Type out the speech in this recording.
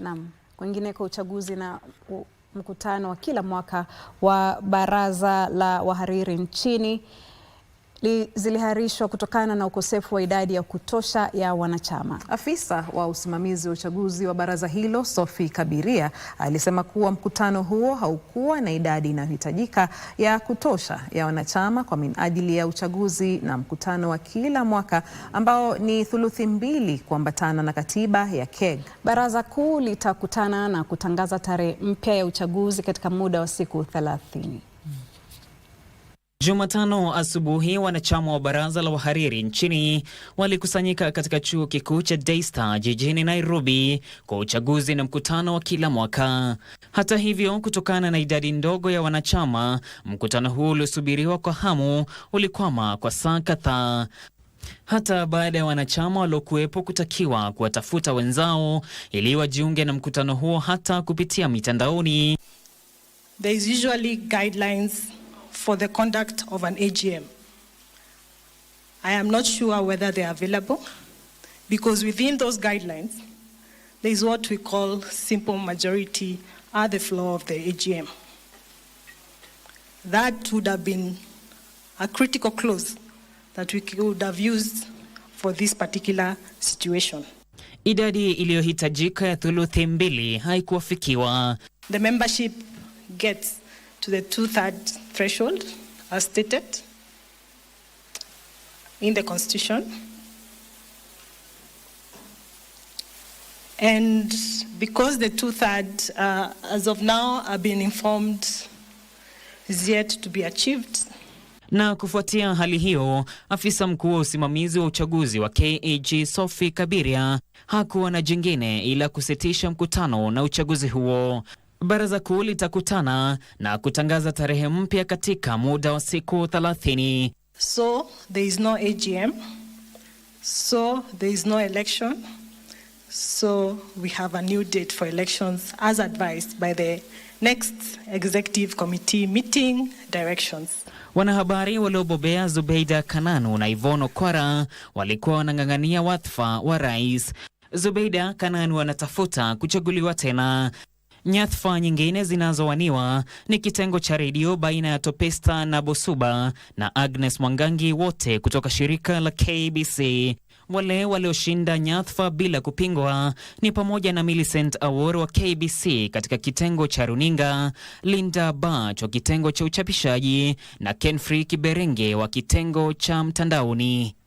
Naam. Kwingineko, uchaguzi na mkutano wa kila mwaka wa Baraza la Wahariri nchini ziliahirishwa kutokana na ukosefu wa idadi ya kutosha ya wanachama. Afisa wa usimamizi wa uchaguzi wa baraza hilo, Sophie Kabiria, alisema kuwa mkutano huo haukuwa na idadi inayohitajika ya kutosha ya wanachama kwa minajili ya uchaguzi na mkutano wa kila mwaka ambao ni thuluthi mbili kuambatana na katiba ya KEG. Baraza kuu litakutana na kutangaza tarehe mpya ya uchaguzi katika muda wa siku thelathini. Jumatano asubuhi wanachama wa baraza la wahariri nchini walikusanyika katika chuo kikuu cha Daystar jijini Nairobi kwa uchaguzi na mkutano wa kila mwaka. Hata hivyo, kutokana na idadi ndogo ya wanachama, mkutano huu uliosubiriwa kwa hamu ulikwama kwa saa kadhaa hata baada ya wanachama waliokuwepo kutakiwa kuwatafuta wenzao ili wajiunge na mkutano huo hata kupitia mitandaoni. There is usually guidelines for the conduct of an AGM. I am not sure whether they are available because within those guidelines, there is what we call simple majority at the floor of the AGM. That would have been a critical clause that we could have used for this particular situation. Idadi iliyohitajika ya thuluthi mbili haikuwafikiwa. The membership gets to the two-thirds threshold as stated in the Constitution. And because the two-thirds, uh, as of now, have been informed is yet to be achieved. Na kufuatia hali hiyo, afisa mkuu wa usimamizi wa uchaguzi wa KAG Sophie Kabiria hakuwa na jingine ila kusitisha mkutano na uchaguzi huo. Baraza Kuu litakutana na kutangaza tarehe mpya katika muda wa siku 30. So there is no AGM. So there is no election. So we have a new date for elections as advised by the next executive committee meeting directions. Wanahabari waliobobea Zubeida Kananu na ivono Kwara walikuwa wanang'ang'ania wadhifa wa rais. Zubeida Kananu anatafuta kuchaguliwa tena Nyadhifa nyingine zinazowaniwa ni kitengo cha redio baina ya Topesta na Bosuba na Agnes Mwangangi, wote kutoka shirika la KBC. Wale walioshinda nyadhifa bila kupingwa ni pamoja na Millicent Awor wa KBC katika kitengo cha runinga, Linda Bach wa kitengo cha uchapishaji na Kenfrey Kiberenge wa kitengo cha mtandaoni.